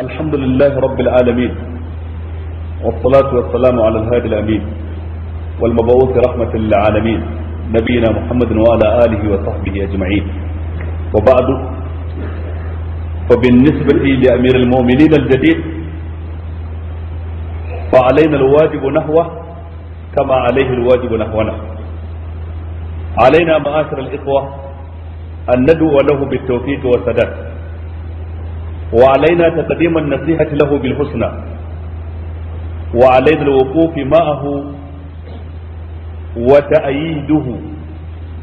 الحمد لله رب العالمين والصلاة والسلام على الهادي الأمين والمبعوث رحمة للعالمين نبينا محمد وعلى آله وصحبه أجمعين وبعد فبالنسبة لأمير المؤمنين الجديد فعلينا الواجب نحوه كما عليه الواجب نحونا علينا معاشر الإخوة أن ندعو له بالتوفيق والسداد وعلينا تقديم النصيحة له بالحسنى وعلينا الوقوف معه وتأييده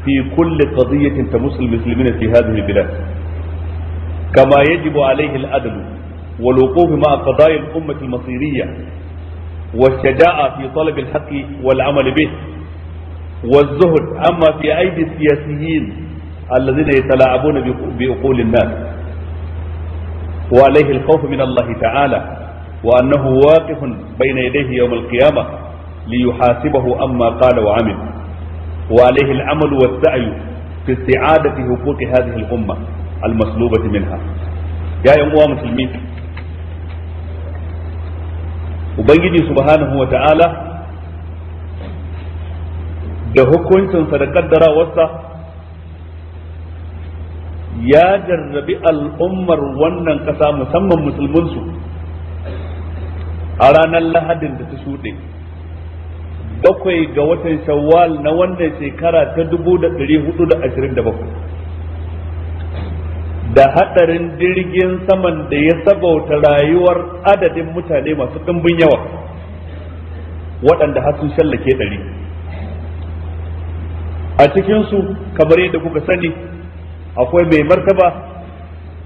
في كل قضية تمس المسلمين في هذه البلاد كما يجب عليه العدل والوقوف مع قضايا الأمة المصيرية والشجاعة في طلب الحق والعمل به والزهد عما في أيدي السياسيين الذين يتلاعبون بعقول الناس وعليه الخوف من الله تعالى وأنه واقف بين يديه يوم القيامة ليحاسبه أما قال وعمل وعليه العمل والسعي في استعادة حقوق هذه الأمة المسلوبة منها يا أيها المسلمين ubangiji subhanahu wa ta'ala da hukuncinsa da kaddarawarsa ya jarrabi al'ummar wannan ƙasa musamman musulmansu a ranar lahadin da ta shuɗe bakwai ga watan shawwal na wannan shekara ta dubu da da haɗarin jirgin saman da ya sabauta rayuwar adadin mutane masu ɗimbin yawa waɗanda hasu Shalla shallake ɗari a cikinsu kamar yadda kuka sani akwai mai martaba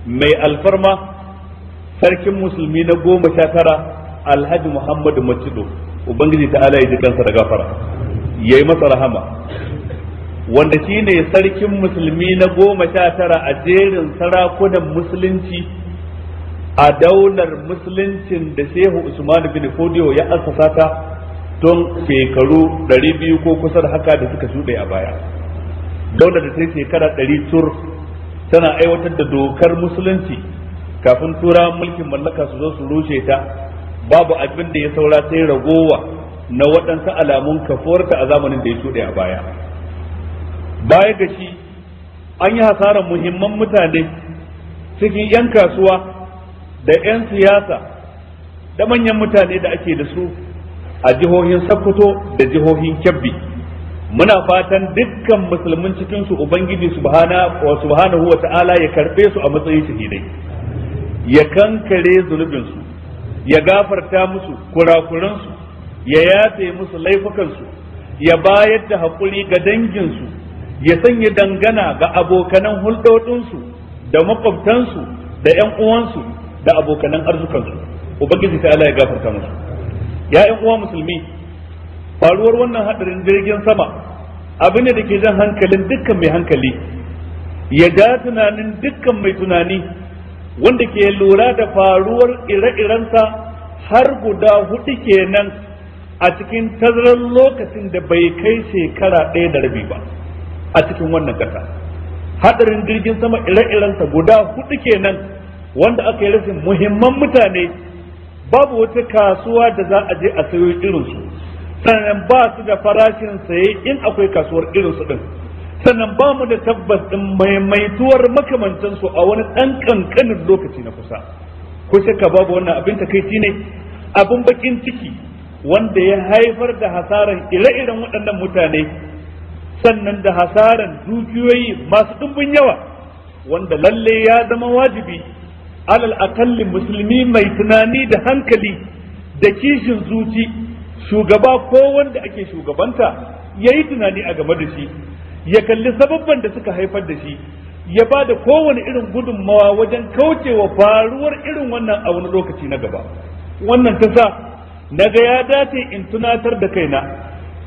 mai alfarma sarkin musulmi na goma sha tara alhaji muhammadu macido ubangiji ta ala ji kansa da gafara ya yi masa rahama wanda shi ne sarkin musulmi na goma sha tara a jerin sarakunan musulunci a daular musuluncin da shehu usman bin fodiyo ya assasa ta tun shekaru 200 ko kusa da haka da suka shuɗe a baya daular da sai shekara 100 tur tana aiwatar da dokar musulunci kafin turawan mulkin mallaka su zo su rushe ta babu abin da ya saura sai ragowa na waɗansu alamun kafuwarta a zamanin da ya shuɗe a baya baya ga shi an yi hasarar muhimman mutane cikin 'yan kasuwa da 'yan siyasa da manyan mutane da ake da su a jihohin Sokoto da jihohin Kebbi muna fatan dukkan musulmin cikin su ubangiji subhana wa subhanahu wa ta'ala ya karbe su a matsayin shahidai ya kankare zunubinsu, ya gafarta musu kurakuran su ya yafe musu laifukan su ya bayar da hakuri ga dangin su ya sanya dangana ga abokanan hulɗoɗinsu su da makwabtan su da ƴan uwansu da abokanan arzukan su ubangiji ta'ala ya gafarta musu ya ƴan uwa musulmi faruwar wannan hadarin jirgin sama abin da ke jan hankalin dukkan mai hankali ya ga tunanin dukkan mai tunani wanda ke lura da faruwar ire-irensa har guda hudu kenan a cikin tazarar lokacin da bai kai shekara ɗaya da rabi ba a cikin wannan ƙasa hadarin jirgin sama ire-irensa guda hudu kenan wanda aka yi rashin muhimman mutane babu wata kasuwa da za a je a sayo irinsu sannan ba su da farashin saye in akwai kasuwar irin su din sannan ba mu da tabbas din maimaituwar makamantan su a wani dan kankanin lokaci na kusa ko ka babu wannan abin takaici ne abin bakin ciki wanda ya haifar da hasaran ire-iren waɗannan mutane sannan da hasaran dukiyoyi masu ɗumbin yawa wanda lalle ya zama wajibi alal akalli musulmi mai tunani da hankali da kishin zuci shugaba ko wanda ake shugabanta ya yi tunani a game da shi ya kalli sababban da suka haifar da shi ya ba da kowane irin gudunmawa wajen kaucewa faruwar irin wannan a wani lokaci na gaba wannan ta sa na ga ya dace in tunatar da kaina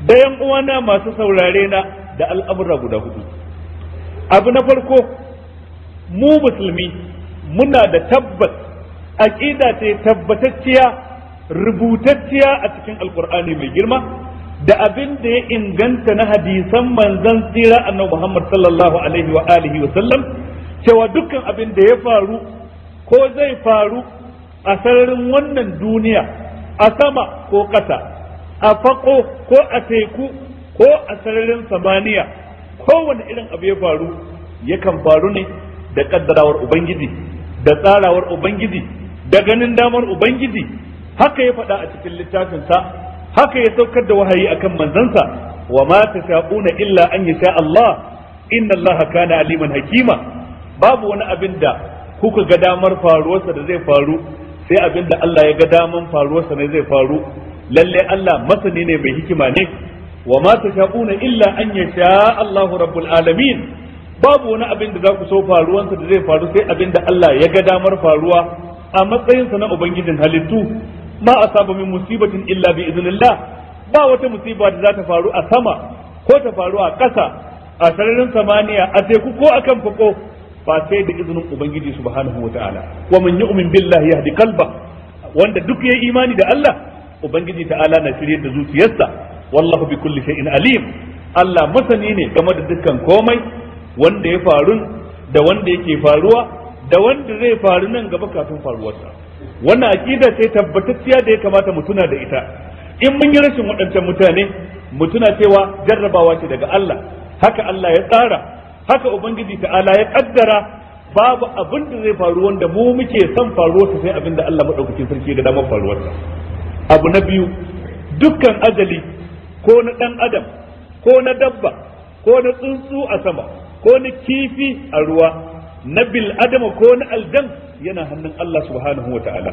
da yan uwana masu saurare na da al'amura guda hudu abu na farko mu musulmi muna da tabbat aƙida ce tabbatacciya rubutacciya a cikin alkur'ani mai girma da abin da ya inganta na hadisan manzan tsira annabi Muhammad sallallahu alaihi wa alihi wa sallam cewa dukkan abin da ya faru ko zai faru a sararin wannan duniya a sama ko ƙasa a fako ko a teku ko a sararin samaniya kowane irin abu ya faru yakan faru ne da ƙaddarawar ubangiji da tsarawar ubangiji da ganin damar ubangiji haka ya faɗa a cikin littafinsa haka ya saukar da wahayi akan manzansa wa ma tashaquna illa an yasha Allah inna Allah kana aliman hakima babu wani abin da kuka ga damar faruwarsa da zai faru sai abin da Allah ya ga damar faruwarsa ne zai faru lalle Allah masani ne mai hikima ne wa ma tashaquna illa an yasha Allahu rabbul alamin babu wani abin da za ku so faruwansa da zai faru sai abin da Allah ya ga damar faruwa a matsayinsa na ubangijin halittu ma saba min musibatin illa bi iznillah ba wata musiba da za ta faru a sama ko ta faru a ƙasa a sararin samaniya a teku ko akan fako ba sai da izinin ubangiji subhanahu wataala wa man yu'min billahi yahdi kalba. wanda duk yayi imani da Allah ubangiji ta'ala na shiryar da zuciyarsa wallahu bi kulli shay'in alim Allah masani ne game da dukkan komai wanda ya faru da wanda yake faruwa da wanda zai faru nan gaba kafin faruwarsa wannan aqida ce tabbatacciya da ya kamata mu tuna da ita in mun yi rashin waɗancan mutane mu tuna cewa jarrabawa ce daga Allah haka Allah ya tsara haka ubangiji ta'ala ya kaddara babu abin da zai faru wanda mu muke son ta sai abin da Allah madaukakin sarki ga damar faruwarsa abu na biyu dukkan ajali ko na dan adam ko na dabba ko na tsuntsu a sama ko na kifi a ruwa na bil adama ko na aljan yana hannun Allah subhanahu wa ta'ala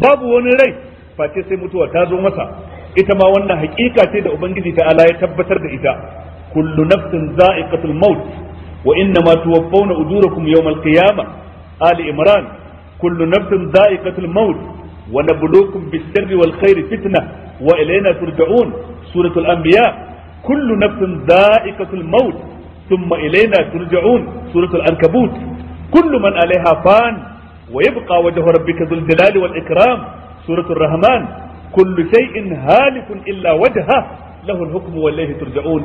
babu wani rai face sai mutuwa ta zo masa ita ma wannan hakika ce da ubangiji ta'ala ya tabbatar da ita kullu nafsin za'iqatul maut wa inna ma tuwaffawna ujurakum yawmal qiyamah ali imran kullu nafsin za'iqatul maut wa nabluukum bis-sirri wal khairi fitna wa ilayna turja'un suratul anbiya kullu nafsin za'iqatul maut thumma ilayna turja'un suratul ankabut kullu man 'alayha fan wa yabqa wajhu rabbika dhul jalali wal ikram suratul rahman kullu in halikun illa wajha lahu al hukmu wa ilayhi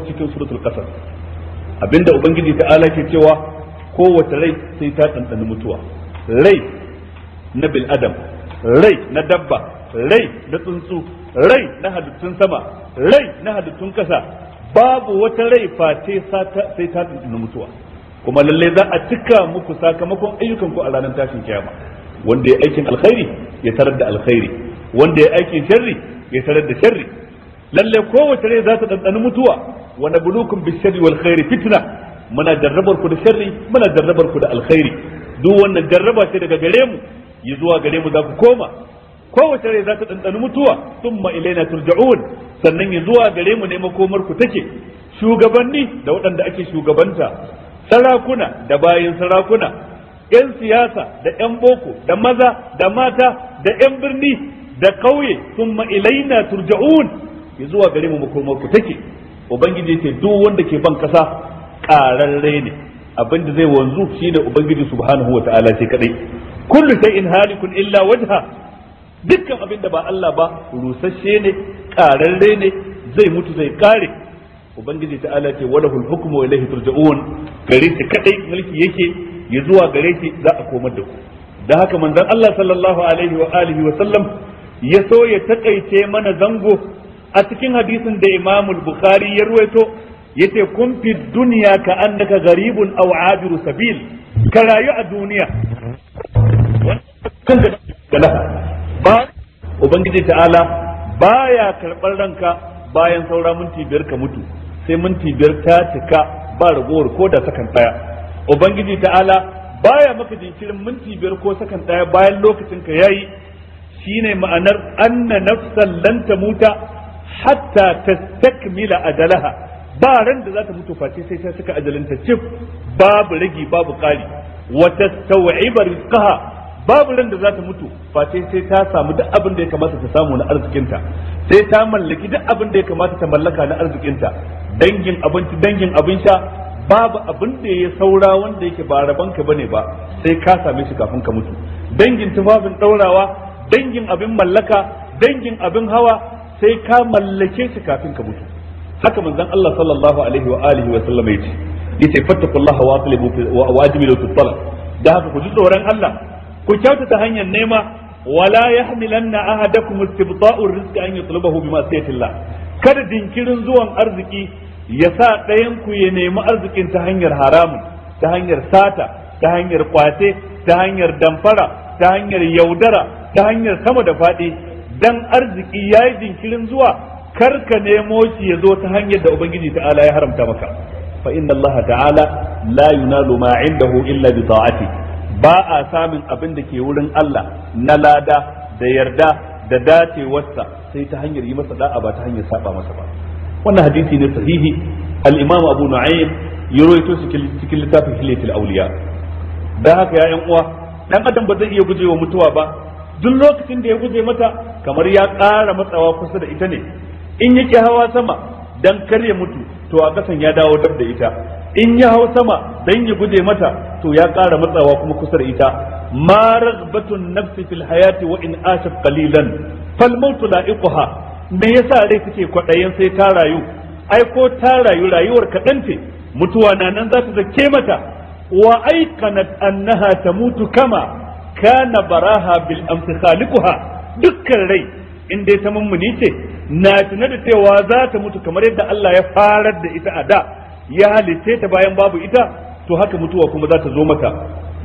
cikin suratul qasas abinda ubangiji ta'ala ke cewa kowace rai sai ta tsantsani mutuwa rai na bil'adam, rai na dabba rai na tsuntsu rai na halittun sama rai na halittun ƙasa, babu wata rai face sai ta tsantsani mutuwa kuma lalle za a cika muku sakamakon ayyukan ku a ranar tashin kiyama wanda ya aikin alkhairi ya tarar da alkhairi wanda ya aikin sharri ya tarar da sharri lalle kowace rai za ta dandana mutuwa wa nabluukum bisharri wal khairi fitna muna jarrabar ku da sharri muna jarrabar ku da alkhairi duk wannan jarraba ce daga gare mu yi zuwa gare mu za ku koma kowace rai za ta dandana mutuwa thumma ilaina turja'un sannan yi zuwa gare mu ne makomar ku take shugabanni da waɗanda ake shugabanta sarakuna da bayan sarakuna yan siyasa da yan boko da maza da mata da yan birni da ƙauye sun ilaina turja'un zuwa gare mu makomar ku take ubangiji ce duk wanda ke ban ƙasa ƙararre ne abinda zai wanzu shi ne ubangiji subhanahu ta'ala ce kadai kullu hali halikun illa wajha dukkan abinda ba Allah ba rusasshe ne ƙararre ne zai mutu zai kare ubangiji ta ala ce wala hul hukmu wa ilayhi turja'un gare shi kadai mulki yake ya zuwa gare shi za a komar da ku da haka manzon Allah sallallahu alaihi wa alihi wa sallam ya so ya takaice mana zango a cikin hadisin da Imam Bukhari ya ruwaito yace kun fi duniya ka annaka gharibun aw abiru sabil ka rayu a duniya wannan ba ubangiji ta'ala baya karɓar ranka bayan saura minti biyar ka mutu sai minti biyar ta cika ba ragowar ko da sakan daya ubangiji ta'ala baya maka jinkirin minti biyar ko sakan daya bayan lokacin ka yayi shine ma'anar anna nafsan lan tamuta hatta tastakmila ajalaha ba ran da za ta mutu face sai ta saka ajalinta cif babu ragi babu kari wa tastawiba rizqaha babu ran da za ta mutu face sai ta samu duk abin da ya kamata ta samu na arzikinta sai ta mallaki duk abin da ya kamata ta mallaka na arzikinta dangin abinci dangin abin sha babu abin da ya saura wanda yake ba raban ka bane ba sai ka same shi kafin ka mutu dangin tufafin daurawa dangin abin mallaka dangin abin hawa sai ka mallake shi kafin ka mutu haka manzon Allah sallallahu alaihi wa alihi wa sallam yace yace fattaqullaha wa talibu wa ajmilu fi talab da haka ku ji tsoron Allah ku kyautata hanyar nema wala yahmilanna ahadakum istibta'ur rizqi an yatlubahu bima ma'siyatillah kada dinkirin zuwan arziki ya sa ɗayan ku ya nemi arzikin ta hanyar haramun ta hanyar sata ta hanyar kwate ta hanyar damfara ta hanyar yaudara ta hanyar sama da faɗi dan arziki ya yi jinkirin zuwa kar ka nemo shi ya zo ta hanyar da ubangiji ta'ala ya haramta maka fa inna allaha ta'ala la yunalu ma indahu illa bi ta'ati ba a samun abin da ke wurin Allah na lada da yarda da dacewarsa sai ta hanyar yi masa da'a ba ta hanyar saba masa ba wannan hadisi ne sahihi al-imam abu nu'aym ya rawaito shi cikin littafin hilyatul awliya dan haka ya yan uwa dan adam ba zai iya gujewa mutuwa ba duk lokacin da ya guje mata kamar ya ƙara matsawa kusa da ita ne in yake hawa sama dan kar ya mutu to a kasan ya dawo dab da ita in ya hau sama dan ya guje mata to ya ƙara matsawa kuma kusa da ita ma ragbatun nafsi fil hayati wa in ashab qalilan fal mautu la'iquha me yasa rai suke kwaɗayin sai ta rayu ai ko ta rayu rayuwar kaɗan ce mutuwa na nan za ta zake mata wa aikanat annaha ta mutu kama kana baraha bil amsi khaliquha dukkan rai in dai ta mummuni ce na tuna da cewa za ta mutu kamar yadda Allah ya farar da ita a da ya halice ta bayan babu ita to haka mutuwa kuma za ta zo mata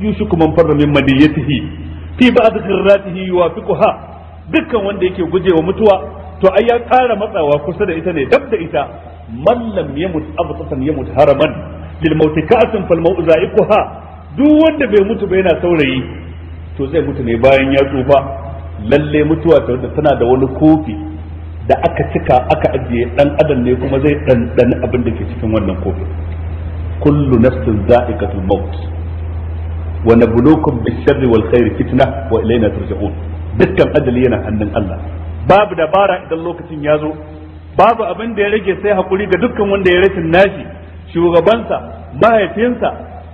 yushiku man farra min madiyatihi fi ba'd ghirratihi yuwafiquha dukkan wanda yake gujewa mutuwa to ai ya ƙara matsawa kusa da ita ne dab da ita man lam yamut abtatan yamut haraman lil mauti fal duk wanda bai mutu ba yana saurayi to zai mutu ne bayan ya tsufa lalle mutuwa ta tana da wani kofi da aka cika aka ajiye dan adam ne kuma zai dan abin da ke cikin wannan kofi kullu nafsin za'iqatul maut wa nabluukum bish-sharri wal khairi fitna wa ilayna turja'un dukkan ajali yana hannun Allah babu dabara idan lokacin ya zo babu abin da ya rage sai hakuri ga dukkan wanda ya rashin nashi shugabansa mahaifinsa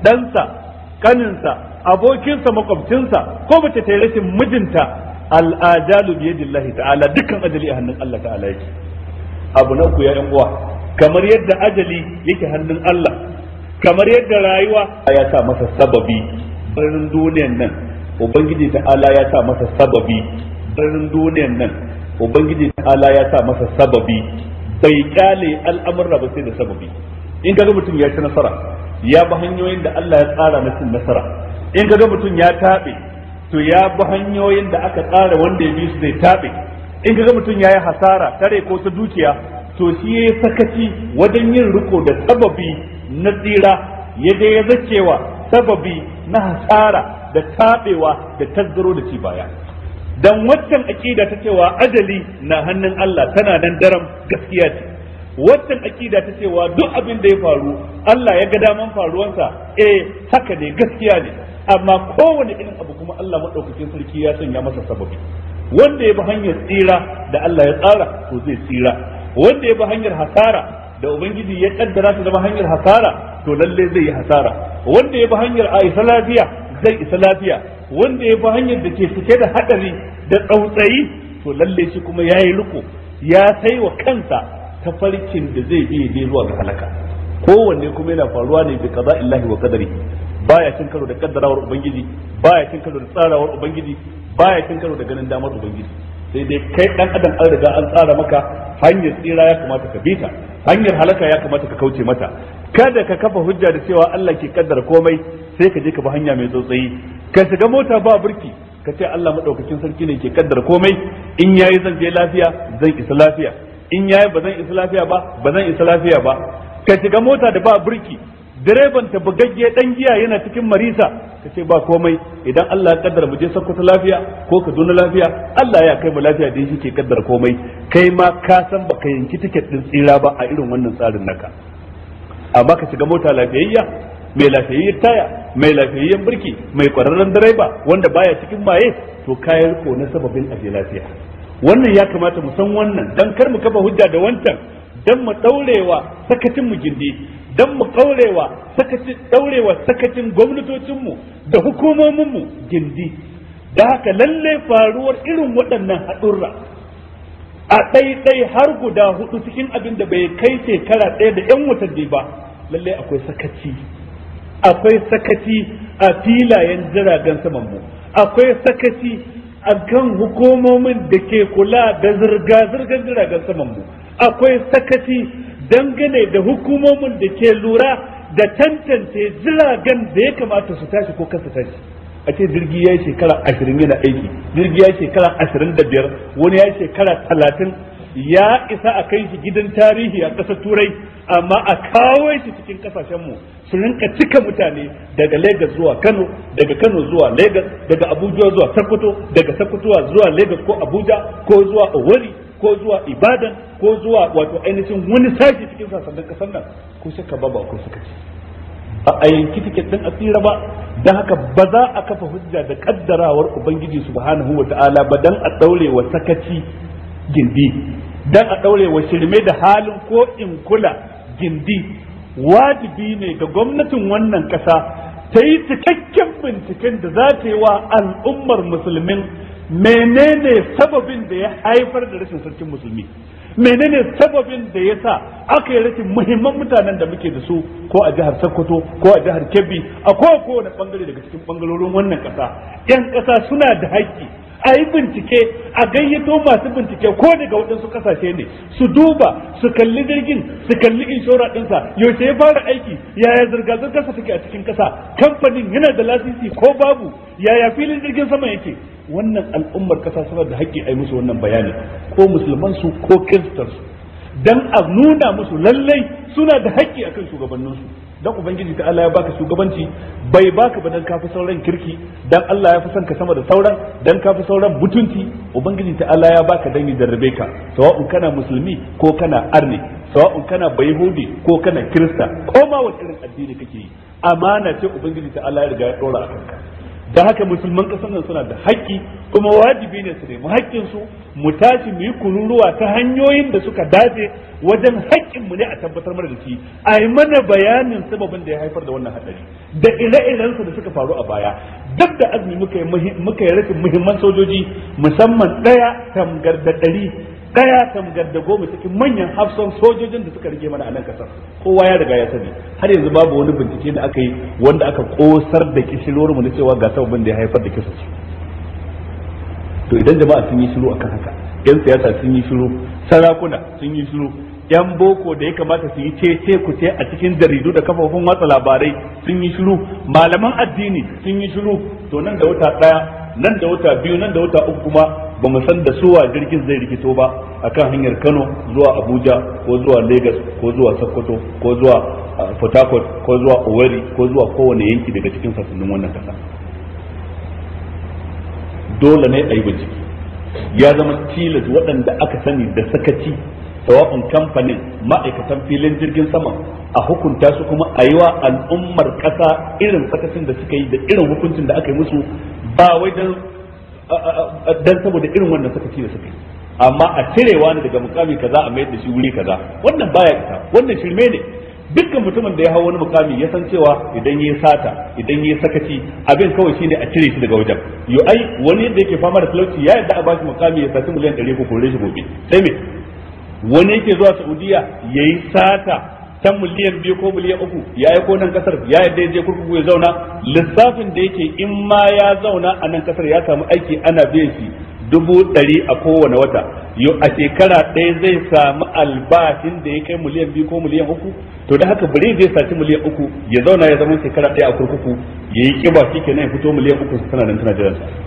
ɗansa kaninsa abokinsa makwabcinsa ko bace ta rashin mijinta al'ajalu biyadillahi ta'ala dukkan ajali a hannun Allah ta'ala yake abu na ku yan uwa kamar yadda ajali yake hannun Allah kamar yadda rayuwa ya sa masa sababi barin duniyan nan ubangiji ta'ala ya sa masa sababi barin duniyan nan ubangiji ta'ala ya sa masa sababi bai kyale al'amurra ba sai da sababi in kaga mutum ya ci nasara ya bi hanyoyin da Allah ya tsara na nasara in kaga mutum ya tabe to ya bi hanyoyin da aka tsara wanda ya bi su zai tabe in kaga mutum ya yi hasara tare ko ta dukiya to shi ya sakaci wajen yin riko da sababi na tsira ya je ya zacewa sababi na hasara da tabewa da tazzaro da ci baya dan waccan aqida ta cewa ajali na hannun Allah tana nan daram gaskiya ce waccan aqida ta cewa duk abin da ya faru Allah ya ga daman faruwansa eh haka ne gaskiya ne amma kowane irin abu kuma Allah madaukakin sarki ya sanya masa sababi wanda ya bi hanyar tsira da Allah ya tsara to zai tsira wanda ya bi hanyar hasara da ubangiji ya kaddara ta zama hanyar hasara to lalle zai yi hasara wanda ya bi hanyar isa lafiya zai isa lafiya wanda ya bi hanyar da ke cike da hadari da tsautsayi to lalle shi kuma ya yi riko ya sai wa kansa tafarkin da zai bi ne zuwa ga halaka kowanne kuma yana faruwa ne da kaza illahi wa kadari, baya cin karo da kaddarawar ubangiji baya cin karo da tsarawar ubangiji baya cin karo da ganin damar ubangiji sai dai kai dan adam an riga an tsara maka hanyar tsira ya kamata ka bita hanyar halaka ya kamata ka kauce mata kada ka kafa hujja da cewa Allah ke kaddara komai sai ka je ka bi hanya mai tsotsayi ka shiga mota ba burki ka ce Allah madaukakin sarki ne ke kaddara komai in yayi zan je lafiya zan isa lafiya in yayi ba zan isa lafiya ba ba zan isa lafiya ba ka shiga mota da ba burki direban ta bugagge dan giya yana cikin marisa ka ce ba komai idan Allah ya kaddara mu je Sokoto lafiya ko Kaduna lafiya Allah ya kai mu lafiya dai shi ke kaddara komai kai ma ka san baka yanki tiket din tsira ba a irin wannan tsarin naka amma ka shiga mota lafiyayya mai lafiyayyar taya mai lafiyayyar birki mai kwararren direba wanda baya cikin maye to kayan ko na sababin aje lafiya wannan ya kamata mu san wannan dan kar mu kafa hujja da wancan dan mu daurewa sakacin mu gindi don mu kaurewa sakacin daurewa sakacin gwamnatocinmu da hukumominmu gindi da haka lalle faruwar irin waɗannan haɗurra a ɗaiɗai har guda hudu cikin abin da bai kai shekara ɗaya da 'yan watanni ba lalle akwai sakaci akwai sakaci a filayen jiragen saman mu akwai sakaci a kan hukumomin da ke kula da zirga-zirgar jiragen saman mu akwai sakaci dangane da hukumomin da ke lura da tantance jiragen da ya kamata su tashi ko kansa tashi a ce jirgi ya yi shekara ashirin yana aiki jirgi ya yi shekara ashirin da biyar wani ya yi shekara talatin ya isa a kai shi gidan tarihi a ƙasar turai amma a kawo shi cikin ƙasashenmu su rinka cika mutane daga Legas zuwa Kano daga Kano zuwa Legas daga Abuja zuwa Sokoto daga Sokoto zuwa Legas ko Abuja ko zuwa owari ko zuwa ibadan ko zuwa wato ainihin wani sashi cikin sassan kasar nan ko sai ka baba ko suka ce a yanki tiket din asira ba dan haka ba za a kafa hujja da kaddarawar ubangiji subhanahu ta'ala ba dan a daure wa sakaci gindi dan a daure wa shirme da halin ko in kula gindi wajibi ne ga gwamnatin wannan kasa ta yi cikakken binciken da za ta yi wa al'ummar musulmin menene sababin da ya haifar da rashin sarkin musulmi menene sababin da ya sa aka yi rashin muhimman mutanen da muke da su ko a jihar Sokoto ko a jihar Kebbi a kowane bangare daga cikin bangarorin wannan kasa yan kasa suna da haƙƙi a yi bincike a gayyato masu bincike ko daga waɗansu ƙasashe ne su duba su kalli jirgin su kalli inshora ɗinsa yaushe ya fara aiki yaya zirga-zirgarsa take a cikin ƙasa kamfanin yana da lasisi ko babu yaya filin jirgin sama yake wannan al'ummar ƙasa suna da haƙƙi a yi musu wannan bayani ko musulman su ko kiristansu dan a nuna musu lallai suna da haƙƙi akan shugabanninsu dan ubangiji ta Allah ya baka shugabanci bai baka ba dan kafi sauran kirki dan Allah ya fi son ka sama da sauran dan kafi sauran mutunci ubangiji ta Allah ya baka dan ya jarrabe ka sawa'un kana musulmi ko kana arni sawa'un kana bayhudi ko kana kirista ko ma wani irin addini kake yi amana ce ubangiji ta Allah ya riga ya dora a kanka da haka musulman kasar nan suna da haƙƙi kuma wajibi ne su nemi haƙƙin su mu tashi mu yi kururuwa ta hanyoyin da suka dace wajen haƙƙin mu ne a tabbatar mana da shi a yi mana bayanin sababin da ya haifar da wannan hadari da ire-iren su da suka faru a baya duk da azumi muka yi muka yi rashin muhimman sojoji musamman ɗaya tamgar da ɗari daya tamgar da goma cikin manyan hafsan sojojin da suka rige mana a nan kasar kowa ya riga ya sani har yanzu babu wani bincike da aka yi wanda aka kosar da kishirwar mu na cewa ga sabbin da ya haifar da kisa to idan jama'a sun yi shiru akan haka yan siyasa sun yi shiru sarakuna sun yi shiru yan boko da ya kamata su yi ce ku ce a cikin jaridu da kafofin watsa labarai sun yi shiru malaman addini sun yi shiru to nan da wata daya nan da wata biyu nan da wata uku kuma ba mu san da suwa jirgin zai rikito ba a kan hanyar Kano zuwa Abuja ko zuwa Lagos ko zuwa Sokoto ko zuwa uh, Port Harcourt ko zuwa Owerri ko zuwa kowane yanki daga cikin sassanin wannan kasa dole ne a yi bincike ya zama tilas waɗanda aka sani da sakaci sawa'un kamfanin ma'aikatan filin jirgin sama a hukunta su kuma a yi wa al'ummar ƙasa irin tsakacin da suka yi da irin hukuncin da aka yi musu ba wai dan saboda irin wannan sakaci da suka yi amma a cirewa ne daga mukami kaza a mayar da shi wuri kaza wannan baya ita wannan shirme ne dukkan mutumin da ya hau wani mukami ya san cewa idan ya sata idan ya sakaci abin kawai shine a cire shi daga wajen yo ai wani da yake fama da talauci ya yarda a bashi mukami ya saci miliyan 100 ko kore shi gobe sai me wani yake zuwa saudiya ya yi sata ta miliyan biyu ko miliyan uku ya yi konan kasar ya yi daidai kurkuku ya zauna lissafin da yake in ma ya zauna a nan kasar ya samu aiki ana biyan shi dubu ɗari a kowane wata yau a shekara ɗaya zai samu albashin da ya kai miliyan biyu ko miliyan uku to da haka bari zai saci miliyan uku ya zauna ya zama shekara ɗaya a kurkuku ya yi kiba shi kenan ya fito miliyan uku su tana nan tana jiransa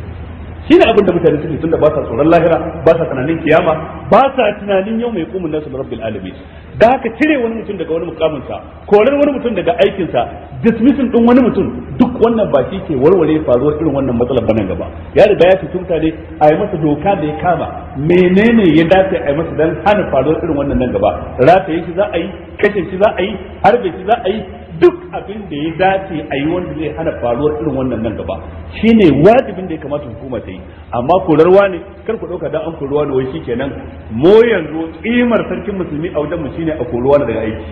shine abin da mutane suke tunda ba sa tsoron lahira ba sa tunanin kiyama ba sa tunanin yau mai kumun nasu rabbil alamin da haka cire wani mutum daga wani mukamin sa korar wani mutum daga aikin sa dismissing din wani mutum duk wannan ba shi ke warware faruwar irin wannan matsalar banan gaba ya riga ya ce mutane a yi masa doka da ya kama menene ya dace a yi masa dan hana faruwar irin wannan nan gaba rataye shi za a yi kashe shi za a yi harbe shi za a yi duk abin da ya dace a yi wanda zai hana faruwar irin wannan nan gaba shi ne wajibin da ya kamata hukuma ta yi amma korarwa ne kar ku ɗauka dan an korarwa ne wai kenan, mu yanzu kimar sarkin musulmi a wajen mu shine a korarwa daga aiki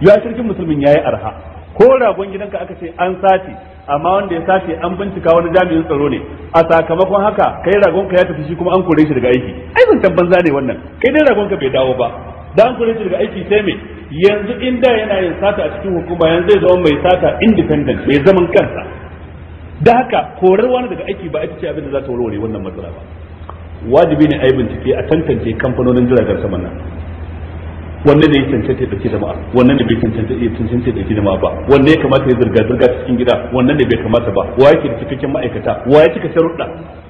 ya sarkin musulmin ya yi arha ko ragon gidanka aka ce an sace amma wanda ya sace an bincika wani jami'in tsaro ne a sakamakon haka kai ragon ka ya tafi shi kuma an kore shi daga aiki ai ban banza ne wannan kai dai ragon ka bai dawo ba dan kore shi daga aiki sai me yanzu inda yana yin sata a cikin hukuma yanzu zai zama mai sata independent mai zaman kansa da haka korar wani daga aiki ba ita ce abin da za ta warware wannan matsala ba wajibi ne a yi bincike a tantance kamfanonin jiragen saman nan wanne ne ya cancanta ya dauki jama'a wanne ne bai cancanta ya cancanta ya dauki jama'a ba wanne ya kamata ya zirga zirga cikin gida wanne ne bai kamata ba wa yake da cikakken ma'aikata wa ya cika sharuɗa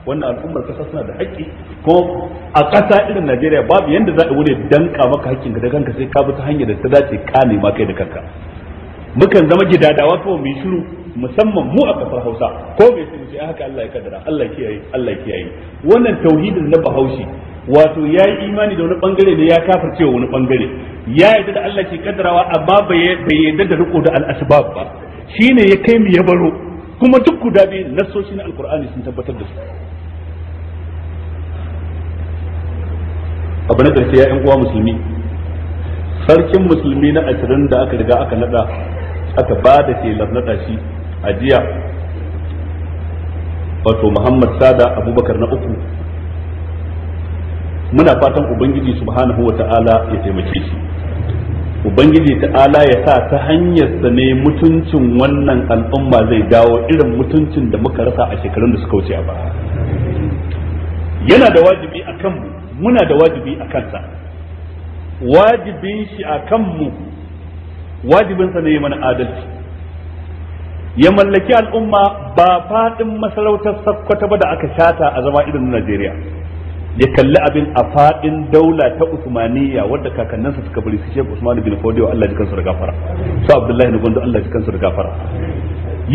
wannan al'ummar kasa suna da haƙƙi ko a ƙasa irin Najeriya babu yanda za a wuri danka maka haƙƙinka da kanka sai ka bi ta hanyar da ta dace ka nema kai da kanka mukan zama gidadawa ko mu shiru musamman mu a kasar Hausa ko bai sai mu ce ah, haka Allah ya kaddara Allah kiyaye Allah kiyaye wannan tauhidin na Bahaushe wato ya yi imani da wani bangare ne ya kafar cewa wani bangare ya yarda da Allah ke kaddarawa amma bai yarda da riko da al-asbab ba shine ya kai mu ya baro kuma duk guda biyu nassoshi na alkur'ani sun tabbatar da su abu na karshe ya yan uwa musulmi sarkin musulmi na ashirin da aka riga aka nada aka ba da ke nada shi a jiya wato muhammad sada abubakar na uku muna fatan ubangiji subhanahu wa ta'ala ya taimake shi ubangiji ta'ala ya sa ta hanyarsa ne mutuncin wannan al'umma zai dawo irin mutuncin da muka rasa a shekarun da suka wuce a ba. yana da wajibi a kanmu muna da wajibi a kansa wajibin shi a kanmu wajibinsa ne mana adalci ya mallaki al'umma ba faɗin masarautar sakkwata ba da aka shata a zama irin Najeriya ya kalli abin a faɗin daula ta Usmaniyya wadda kakanninsa suka bari su Sheikh Usman bin Fodiyo Allah ji kansu da gafara su Abdullahi na Gondo Allah ji kansu da gafara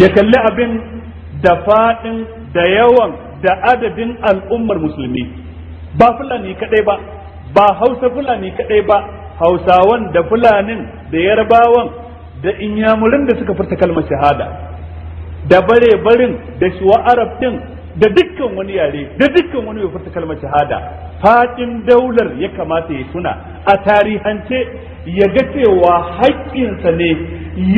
ya kalli abin da faɗin da yawan da adadin al'ummar musulmi ba fulani kadai ba ba hausa fulani kadai ba hausawan da fulanin da yarbawan da inyamurin da suka furta kalmar shahada da bare barin da shuwa arab da dukkan wani yare da dukkan wani ya furta kalmar shahada faɗin daular ya kamata ya tuna a tarihance ya ga cewa haƙƙinsa ne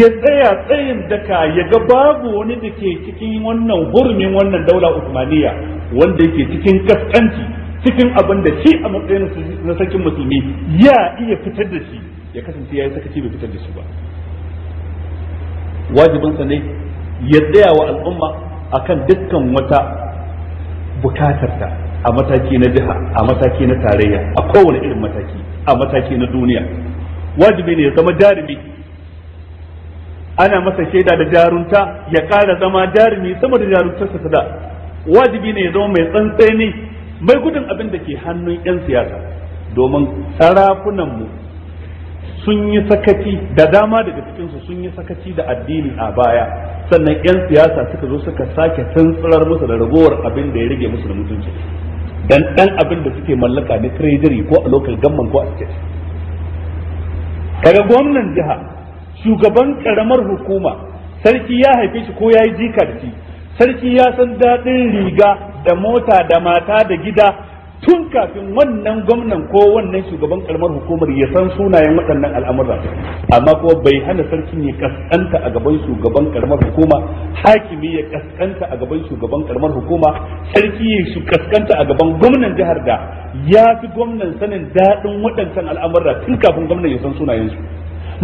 ya tsaya tsayin daka ya ga babu wani da ke cikin wannan hurumin wannan daular usmaniya wanda yake cikin kaskanci cikin abin da shi a matsayin na sarkin musulmi ya iya fitar da shi ya kasance ya yi sakaci bai fitar da shi ba wajibinsa ne ya tsaya wa al'umma kan dukkan wata bukatarta a mataki na jiha a mataki na tarayya a kowane irin mataki a mataki na duniya wajibi ne ya zama jarumi ana masa shaida da jarunta ya kara zama jarumi sama da jaruntarsa ta da wajibi ne ya zama mai tsantseni mai gudun abin da ke hannun 'yan siyasa domin sarakunanmu sun yi sakaci da dama daga cikinsu sun yi sakaci da addini a baya sannan 'yan siyasa suka zo suka sake tantsirar musu da ragowar abin da ya rage musu da mutunci dan dan abin da suke mallaka na treasury ko a local government ko a state kaga gwamnan jiha shugaban karamar hukuma sarki ya haife shi ko ya yi jika da shi sarki ya san daɗin riga da mota da mata da gida tun kafin wannan gwamnan ko wannan shugaban kalmar hukumar ya san sunayen waɗannan al'amura amma kuma bai hana sarkin ya kaskanta a gaban shugaban kalmar hukuma hakimi ya kaskanta a gaban shugaban kalmar hukuma sarki ya su kaskanta a gaban gwamnan jihar da ya fi gwamnan sanin daɗin waɗancan al'amura tun kafin gwamnan ya san sunayensu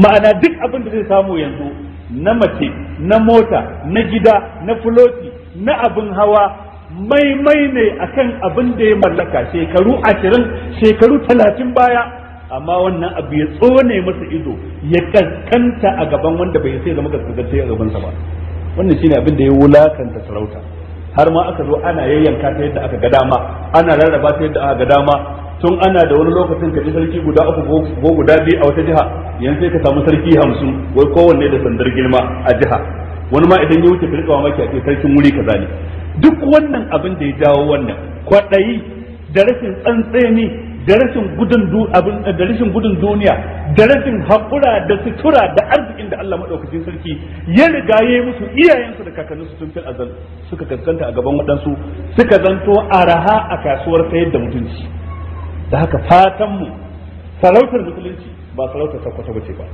ma'ana duk abin da zai samu yanzu na mace na mota na gida na fuloti na abin hawa maimai ne akan abin da ya mallaka shekaru ashirin shekaru talatin baya amma wannan abu ya tsone masa ido ya kaskanta a gaban wanda bai sai zama kaskantacce a gabansa ba wannan shine abin da ya wulakanta sarauta har ma aka zo ana yayyanka ta yadda aka ga dama ana rarraba ta yadda aka ga dama tun ana da wani lokacin ka ji sarki guda uku ko guda biyu a wata jiha yanzu sai ka samu sarki hamsin wai kowanne da sandar girma a jiha wani ma idan ya wuce ka rika mamaki a ce sarkin wuri kaza ne duk wannan abin da ya jawo wannan kwaɗayi da rashin tsantseni da rashin gudun abin da rashin gudun duniya da rashin haƙura da sutura da arzikin da Allah madaukakin sarki ya riga yayi musu iyayensu da kakanninsu tun fil azal suka kaskanta a gaban waɗansu suka zanto araha a kasuwar sayar da mutunci da haka fatan mu sarautar musulunci ba sarautar kwata bace ba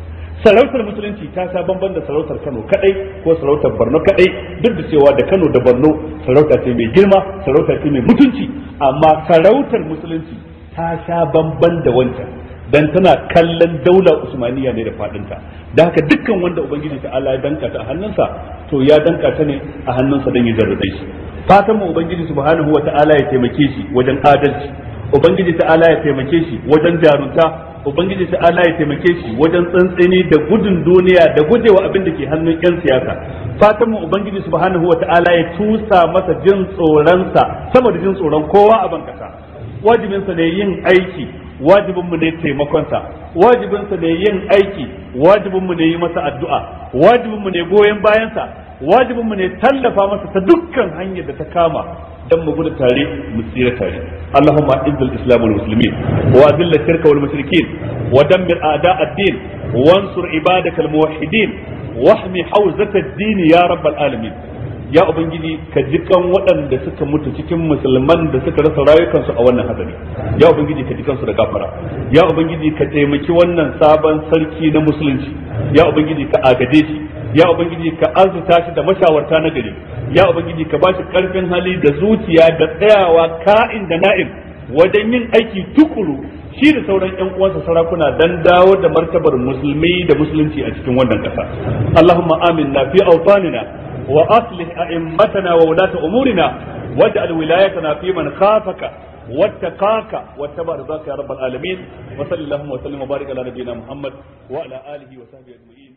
sarautar musulunci ta sha bamban da sarautar Kano kadai ko sarautar Borno kadai duk da cewa da Kano da Borno sarauta ce mai girma sarauta ce mai mutunci amma sarautar musulunci ta sha bamban da wancan dan tana kallon daula Usmaniya ne da fadinta da haka dukkan wanda ubangiji ta Allah ya danka ta a hannunsa to ya danka ta ne a hannunsa dan ya jarrabe shi fatan mu ubangiji subhanahu wataala ya taimake shi wajen adalci ubangiji ta'ala ya taimake shi wajen jarunta ubangiji ta Allah ya taimake shi wajen tsantseni da gudun duniya da gujewa abin da ke hannun yan siyasa fatan mu ubangiji subhanahu ta'ala ya tusa masa jin tsoronsa sama da jin tsoron kowa a bankasa wajibinsa ne yin aiki wajibinmu mu ne taimakonsa wajibinsa ne yin aiki wajibin ne yi masa addu'a Wajibinmu ne goyon bayansa wajibin mu ne tallafa masa ta dukkan hanyar da ta kama dan mu gudu tare mu tsira tare Allahumma izzil islam wal muslimin wa azil shirka wal mushrikin wa dammir a'da ad-din wansur ibadakal muwahhidin wahmi hawzat ad-din ya rabbal alamin ya ubangiji ka jikan waɗanda suka mutu cikin musulman da suka rasa rayukansu a wannan hadari ya ubangiji ka jikan su da gafara ya ubangiji ka taimaki wannan sabon sarki na musulunci ya ubangiji ka agade shi ya ubangiji ka arzuta shi da mashawarta na gari ya ubangiji ka bashi karfin hali da zuciya da tsayawa ka'in da na'in wajen yin aiki tukuru shi da sauran yan uwansa sarakuna dan dawo da martabar musulmi da musulunci a cikin wannan kasa Allahumma aminna fi awtanina wa aslih a'immatana wa ulata umurina waj'al wilayatana fi man khafaka واتقاك واتبع رضاك يا رب العالمين وصلى اللهم وسلم وبارك على نبينا محمد وعلى اله وصحبه اجمعين